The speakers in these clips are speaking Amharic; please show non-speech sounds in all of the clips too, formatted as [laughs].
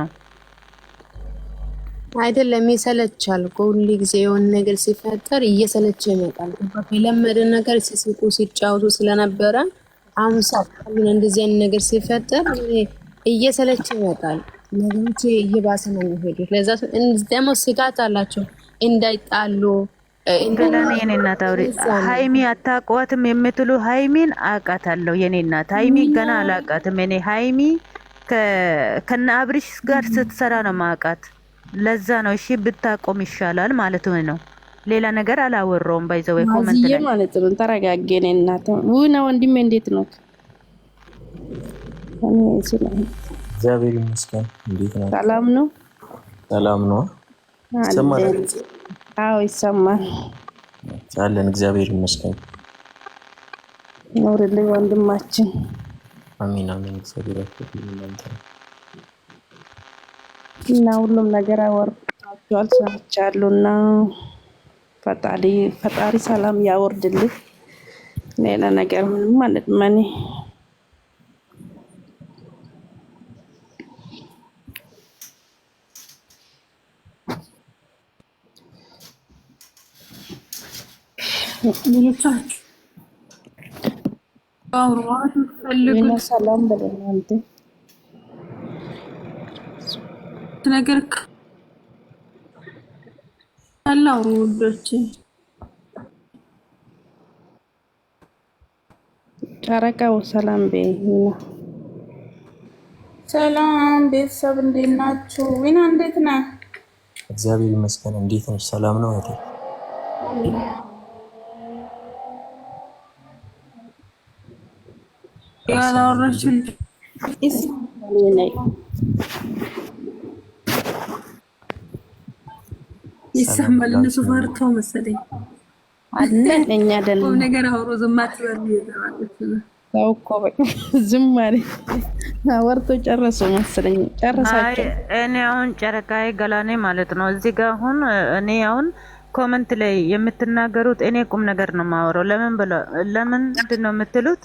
ነው አይደለም። ይሰለቻል እኮ ሁሉ ጊዜ የሆነ ነገር ሲፈጠር እየሰለቸ ይመጣል። የለመደን ነገር ሲስቁ ሲጫወቱ ስለነበረ አሁን ሳሁን እንደዚህ አይነት ነገር ሲፈጠር እየሰለቸ ይመጣል። ነገሮች እየባሰ ነው የሚሄዱት። ለዛ ደግሞ ስጋት አላቸው እንዳይጣሉ እንደላኔ የኔ እናት አውሪ ሀይሚ አታቋትም የምትሉ ሀይሚን አውቃታለሁ። የኔ እናት ሀይሚ ገና አላውቃትም እኔ ሀይሚ ከነ አብሪሽ ጋር ስትሰራ ነው ማውቃት። ለዛ ነው እሺ ብታቆም ይሻላል ማለት ነው። ሌላ ነገር አላወራውም። ባይዘው ኮመንት ማለት ነው። ተረጋጌ ተረጋገኔ እናተ ውና ወንድሜ እንዴት ነው? እግዚአብሔር ይመስገን። እንዴት ነው? ሰላም ነው። ሰላም ነው። ይሰማል? አዎ ይሰማል አለን። እግዚአብሔር ይመስገን። ኖርልኝ ወንድማችን አሜን አሜን። እግዚአብሔር እናንተ እና ሁሉም ነገር አወርዳችኋል ሰምቻለሁ። እና ፈጣሪ ፈጣሪ ሰላም ያወርድልህ። ሌላ ነገር ምንም ማለት ማኔ ልጆቻችሁ ሰላም በለናንተ ነገር ካለ አውሩ ጨረቃው ሰላም ቤና ሰላም ቤተሰብ እንዴት ናችሁ? ዊና እንዴት ነህ? እግዚአብሔር ይመስገን። እንዴት ነሽ? ሰላም ነው እህቴ ይሰማል። እነሱ ፈርተው መሰለኝ አለን። እኛ አይደለም ነገር አውሮ ዝም አትበሉ ሰው እኮ ዝም ማለት አወርቶ ጨረሱ መሰለኝ። ጨረሳቸው። እኔ አሁን ጨረቃዬ ገላኔ ማለት ነው። እዚህ ጋር አሁን እኔ አሁን ኮመንት ላይ የምትናገሩት እኔ ቁም ነገር ነው የማወራው። ለምን ብለው ለምንድን ነው የምትሉት?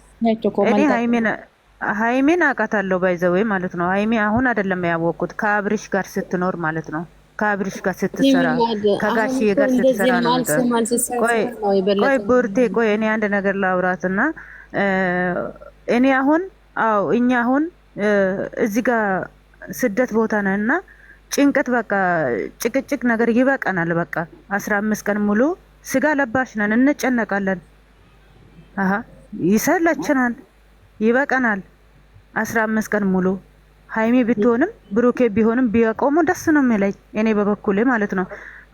ሀይሜን አውቃታለሁ ባይዘወይ ማለት ነው። ሀይሜ አሁን አይደለም ያወቅኩት ከአብሪሽ ጋር ስትኖር ማለት ነው። ከአብርሽ ጋር ስትሰራ ከጋሽዬ ጋር ስትሰራ ነው። ቆይ ቡርቴ ቆይ እኔ አንድ ነገር ላውራት እና እኔ አሁን አዎ እኛ አሁን እዚህ ጋር ስደት ቦታ ነን እና ጭንቀት በቃ ጭቅጭቅ ነገር ይበቃናል። በቃ አስራ አምስት ቀን ሙሉ ስጋ ለባሽ ነን እንጨነቃለን። ይሰለችናል፣ ይበቀናል። አስራ አምስት ቀን ሙሉ ሀይሚ ብትሆንም ብሩኬ ቢሆንም ቢያቆሙ ደስ ነው የሚለኝ እኔ በበኩሌ ማለት ነው።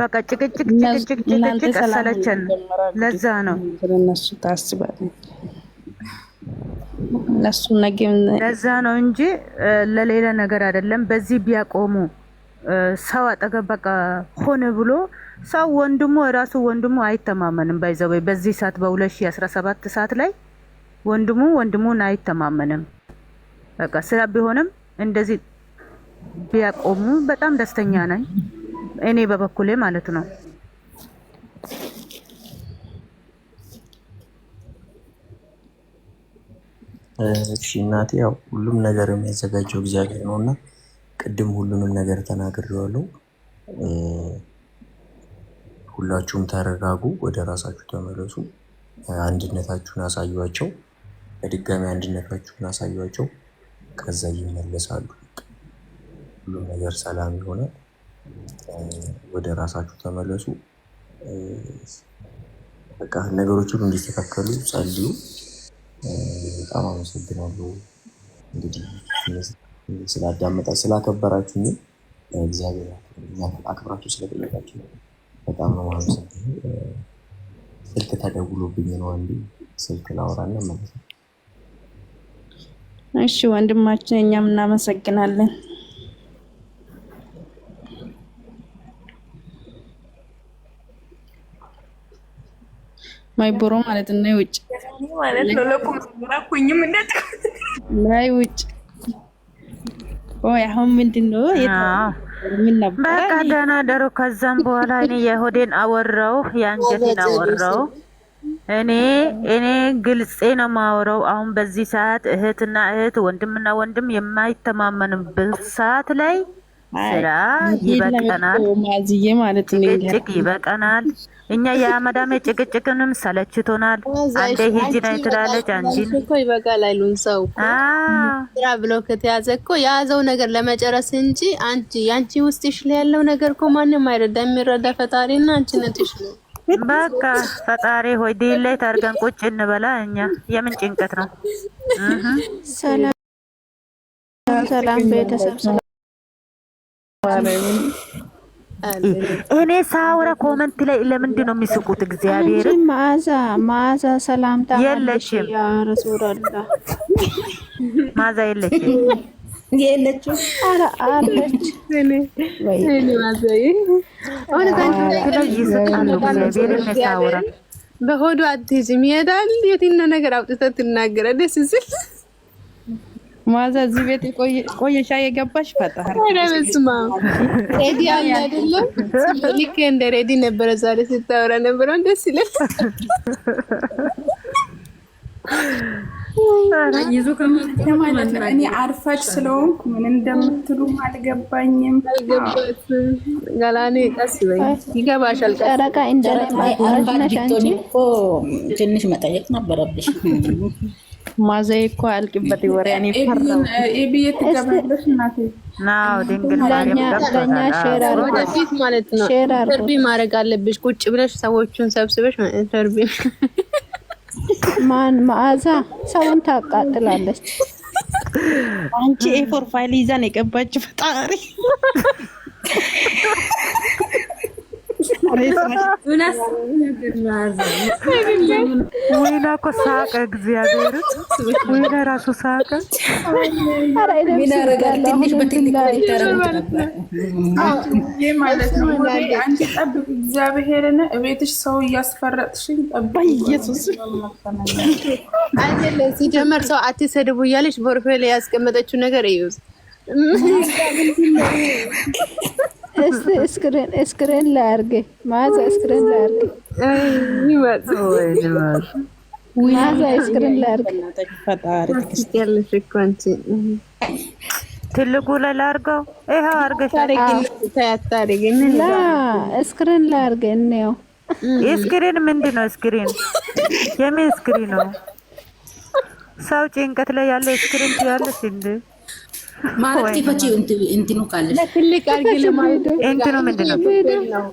በቃ ጭቅጭቅ ጭቅጭቅ ጭቅጭቅ ሰለቸን። ለዛ ነው እነሱ ታስባል እነሱ ነገም ለዛ ነው እንጂ ለሌላ ነገር አይደለም። በዚህ ቢያቆሙ ሰው አጠገብ በቃ ሆነ ብሎ ሰው ወንድሙ ራሱ ወንድሙ አይተማመንም። ባይዘው በዚህ ሰዓት በ2017 ሰዓት ላይ ወንድሙ ወንድሙን አይተማመንም። በቃ ስራ ቢሆንም እንደዚህ ቢያቆሙ በጣም ደስተኛ ነኝ እኔ በበኩሌ ማለት ነው። እሺ እናቴ፣ ያው ሁሉም ነገር የሚያዘጋጀው እግዚአብሔር ነው እና ቅድም ሁሉንም ነገር ተናግሬዋለሁ። ሁላችሁም ተረጋጉ፣ ወደ ራሳችሁ ተመለሱ። አንድነታችሁን አሳዩቸው። በድጋሚ አንድነታችሁን አሳዩቸው። ከዛ ይመለሳሉ። ሁሉም ነገር ሰላም የሆነ ወደ ራሳችሁ ተመለሱ። በቃ ነገሮች ሁሉ እንዲስተካከሉ ጸልዩ። በጣም አመሰግናለሁ። እንግዲህ ስላዳመጣ ስላከበራችሁ፣ እግዚአብሔር አክብራችሁ ስለጠየቃችሁ በጣም ነው ማለት ስልክ ተደውሎብኝ ነው አንዱ ስልክ ላወራና ማለት ነው። እሺ ወንድማችን፣ እኛም እናመሰግናለን። ማይቦሮ ማለት ነው ውጭ ማለት ነው። ለቁም ዝምራኩኝም እንደት ላይ ውጭ ኦ ያሁን ምንድን ነው? በቃ ደህና ደሩ። ከዛም በኋላ እኔ የሆዴን አወራው፣ የአንጀቴን አወራው። እኔ እኔ ግልጽ ነው የማወራው። አሁን በዚህ ሰዓት እህትና እህት ወንድምና ወንድም የማይተማመንበት ሰዓት ላይ ስራ ይበቀናል፣ ጭቅጭቅ ይበቀናል። እኛ የአመዳም ጭቅጭቅንም ሰለችቶናል። አንዴ ሂጂ ናይ ትላለች። አንቺን እኮ ይበቃል አይሉን ሰው ስራ ብሎ ከተያዘ እኮ የያዘው ነገር ለመጨረስ እንጂ አንቺ ያንቺ ውስጥሽ ላይ ያለው ነገር እኮ ማንም አይረዳ። የሚረዳ ፈጣሪና አንቺ ነጥሽ ነው። በቃ ፈጣሪ ሆይ ዲል ታርገን ቁጭ እንበላ። እኛ የምን ጭንቀት ነው? ሰላም ቤተሰብ እኔ ሳውራ ኮመንት ላይ ለምንድን ነው የሚስቁት? እግዚአብሔር ማዛ ማዛ ሰላምታ የለችም። ያ ረሱላላ ማዛ የለችም የለችም። ኧረ አለች። በሆዷ አትይዝም። ይሄዳል የትኛው ነገር አውጥተህ ትናገራለህ ስል ማዛ እዚህ ቤት ቆየሻ የገባሽ ፈጣሪ ረበስማ ሬዲ አለ አይደለም። ልክ እንደ ሬዲ ነበረ ዛሬ ስታወራ ነበረ። ደስ ይላል። ይዞ እኔ አርፋች ስለሆንኩ ምን እንደምትሉም አልገባኝም። ገላኔ ቀስ በይ ይገባሻል። ጨረቃ እንደላይ ትንሽ መጠየቅ ነበረብሽ። ማዘይ እኮ አልቅበት ወሬ እኔ ፈራው። ማለት ነው። ሼር አድርጎት ማድረግ አለብሽ። ቁጭ ብለሽ ሰዎቹን ሰብስበሽ ተርቢ [laughs] ማን መዓዛ ሰውን ታቃጥላለች። አንቺ ኤ ፕሮፋይል ይዛን የቀባች ፈጣሪ [laughs] ወይና እኮ ሳቀ። እግዚአብሔር ወይና ራሱ ሳቀ። አንቺ ጠብቅ እግዚአብሔርን። እቤትሽ ሰው እያስፈረጥሽኝ ጠብቅ። ሲጀመር ሰው አትሰድቡ እያለች ቦርፌ ላይ ያስቀመጠችው ነገር እዩ እስክሪን ላይ አድርጌ ማዛ እስክሪን ላይ አድርጌ ማዛ እስክሪን ላይ አድርጌ ትልቁ ላይ ላድርገው። ይኸው አድርገሽ እስክሪን ላይ አድርጌ እንየው። እስክሪን ምንድን ነው? እስክሪን የምን እስክሪን ነው? ሰው ጭንቀት ላይ ያለው እስክሪን ትያለሽ እንደ ማለት ቲፈቺ እንትኑ ካለሽ ለትልቅ አርጊ ለማየት እንትኑ ምንድን ነው?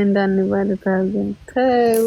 እንዳንባል ታዘ ተው